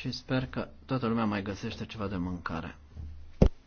și sper că toată lumea mai găsește ceva de mâncare.